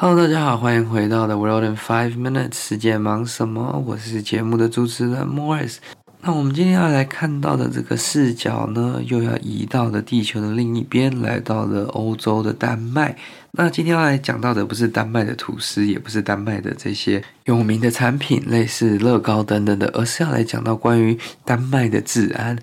Hello，大家好，歡迎回到 The World in Five Minutes 世界忙什麼？我是節目的主持人 Morris。那我們今天要來看到的這個視角呢，又要移到了地球的另一邊，來到了歐洲的丹麥。那今天要來講到的不是丹麥的吐司，也不是丹麥的這些有名的產品，類似樂高等等的，而是要來講到關於丹麥的治安。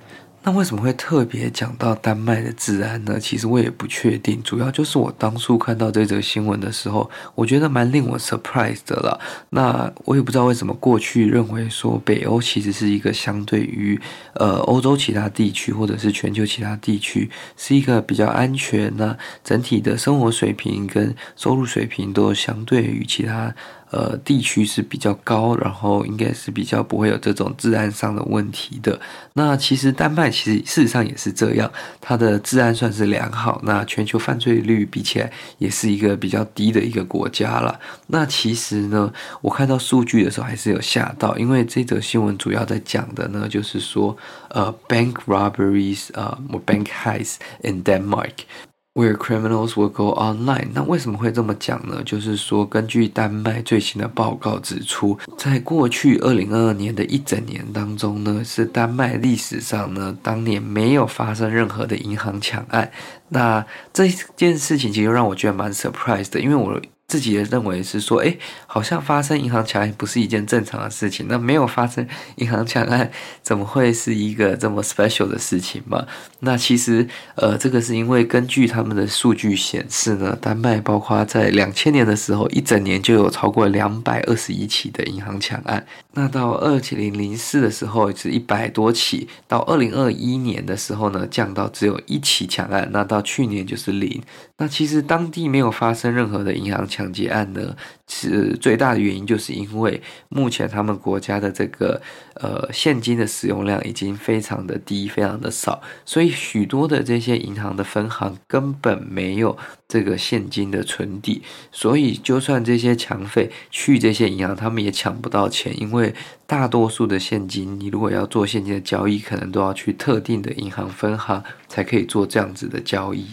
那為什麼會特別講到丹麥的治安呢？其實我也不確定，主要就是我當初看到這則新聞的時候，我覺得蠻令我 surprise 的啦。那我也不知道為什麼過去認為說北歐其實是一個相對於，呃，歐洲其他地區或者是全球其他地區，是一個比較安全，那整體的生活水平跟收入水平都相對於其他。呃，地區是比較高，然後應該是比較不會有這種治安上的問題的。那其實丹麥其實事實上也是這樣，它的治安算是良好。那全球犯罪率比起來也是一個比較低的一個國家了。那其實呢，我看到數據的時候還是有嚇到，因為這則新聞主要在講的呢就是說，呃，bank robberies，呃，bank heists in Denmark。Where criminals will go online, 那為什麼會這麼講呢？就是說，根據丹麥最新的報告指出，在過去二零二二年的一整年當中呢，是丹麥歷史上呢當年沒有發生任何的銀行搶案。那這件事情其實讓我覺得蠻 surprise 的，因為我。自己也認為是說，哎，好像發生銀行搶案不是一件正常的事情。那沒有發生銀行搶案，怎麼會是一個這麼 special 的事情嘛？那其實，呃，這個是因為根據他們的數據顯示呢，丹麥包括在兩千年的時候，一整年就有超過兩百二十一起的銀行搶案。那到二零零四的時候，就是一百多起，到二零二一年的時候呢，降到只有一起搶案。那到去年就是零。那其實當地沒有發生任何的銀行搶搶劫案呢，是最大的原因，就是因為目前他們國家的這個呃現金的使用量已經非常的低，非常的少，所以許多的這些銀行的分行根本沒有這個現金的存底，所以就算這些搶匪去這些銀行，他們也搶不到錢，因為大多數的現金，你如果要做現金的交易，可能都要去特定的銀行分行才可以做這樣子的交易。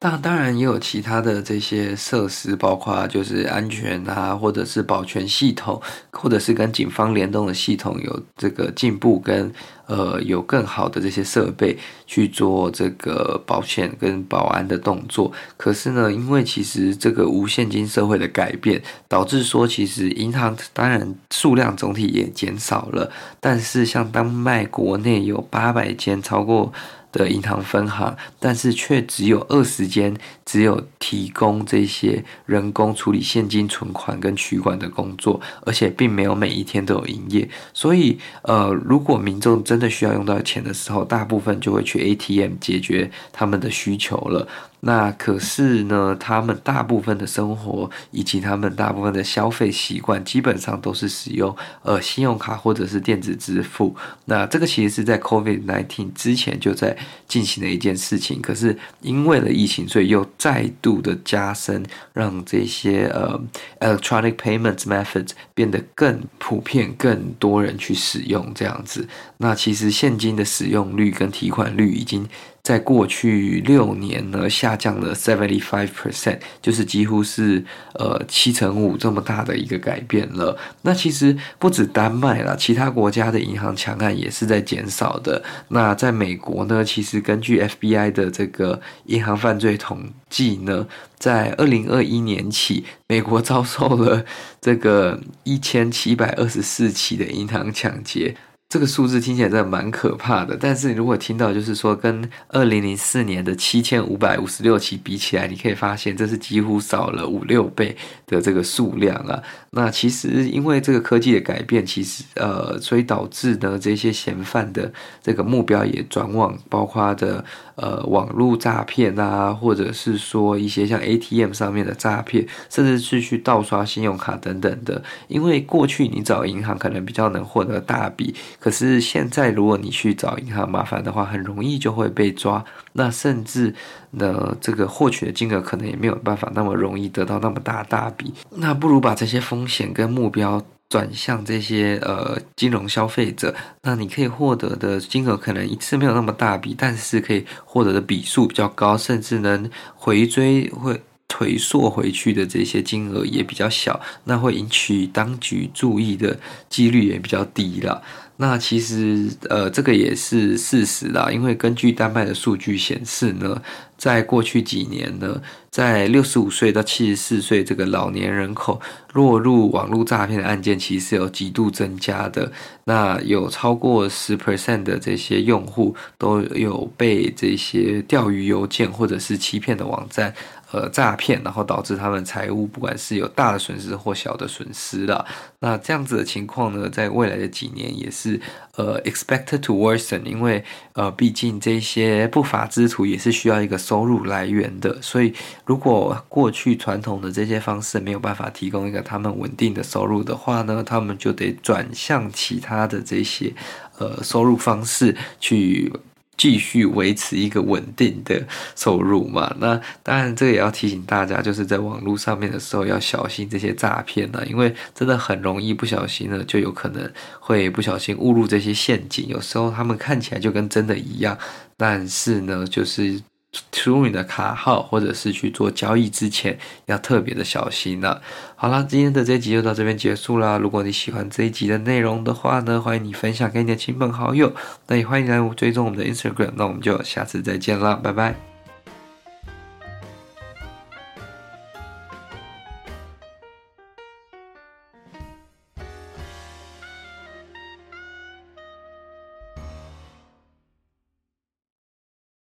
那當然也有其他的這些設施，包括就是安全啊，或者是保全系統，或者是跟警方聯動的系統有這個進步，跟呃有更好的這些設備去做這個保險跟保安的動作。可是呢，因為其實這個無現金社會的改變，導致說其實銀行當然數量總體也減少了，但是像丹麥國內有八百間超過的銀行分行，但是卻只有二十間，只有提供這些人工處理現金存款跟取款的工作，而且並沒有每一天都有營業。所以，呃，如果民眾真的需要用到錢的時候，大部分就會去 ATM 解決他們的需求了。那可是呢，他們大部分的生活以及他們大部分的消費習慣，基本上都是使用呃信用卡，或者是電子支付。那這個其實是在 COVID-19 之前就在進行的一件事情，可是因為了疫情，所以又再度的加深，讓這些呃 electronic payments methods 變得更普遍，更多人去使用這樣子。那其實現金的使用率跟提款率已經，在過去六年呢，下降了 seventy five percent，就是幾乎是呃七成五這麼大的一個改變了。那其實不止丹麥啦，其他國家的銀行搶案也是在減少的。那在美國呢，其實根據 FBI 的這個銀行犯罪統計呢，在二零二一年起，美國遭受了這個一千七百二十四起的銀行搶劫。這個數字聽起來真的蠻可怕的，但是你如果聽到就是說跟二零零四年的七千五百五十六起比起來，你可以發現這是幾乎少了五六倍的這個數量啊。那其實因為這個科技的改變，其實呃，所以導致呢這些嫌犯的這個目標也轉往包括他的呃網絡詐騙啊，或者是說一些像 ATM 上面的詐騙，甚至是去盜刷信用卡等等的。因為過去你找銀行可能比較能獲得大筆。可是現在，如果你去找銀行麻煩的話，很容易就會被抓。那甚至呢，這個獲取的金額可能也沒有辦法那麼容易得到那麼大大筆。那不如把這些風險跟目標轉向這些呃金融消費者。那你可以獲得的金額可能一次沒有那麼大筆，但是可以獲得的筆數比較高，甚至能回追會退縮回去的這些金額也比較小。那會引起當局注意的幾率也比較低了。那其實，呃，這個也是事實啦，因為根據丹麥的數據顯示呢。在過去幾年呢，在六十五歲到七十四歲這個老年人口落入網絡詐騙的案件，其實是有極度增加的。那有超過十 percent 的這些用戶都有被這些釣魚郵件或者是欺騙的網站呃詐騙，然後導致他們財務不管是有大的損失或小的損失了。那這樣子的情況呢，在未來的幾年也是呃 expected to worsen，因為呃畢竟這些不法之徒也是需要一個。收入來源的，所以如果過去傳統的這些方式沒有辦法提供一個他們穩定的收入的話呢，他們就得轉向其他的這些呃收入方式去繼續維持一個穩定的收入嘛。那當然，這個也要提醒大家，就是在網絡上面的時候要小心這些詐騙呢，因為真的很容易不小心呢，就有可能會不小心誤入這些陷阱。有時候他們看起來就跟真的一樣，但是呢，就是。輸入你的卡號，或者是去做交易之前，要特別的小心了啊。好了，今天的這一集就到這邊結束了。如果你喜歡這一集的內容的話呢，歡迎你分享給你的親朋好友，那也歡迎來我追蹤我們的 Instagram。那我們就下次再見啦，拜拜。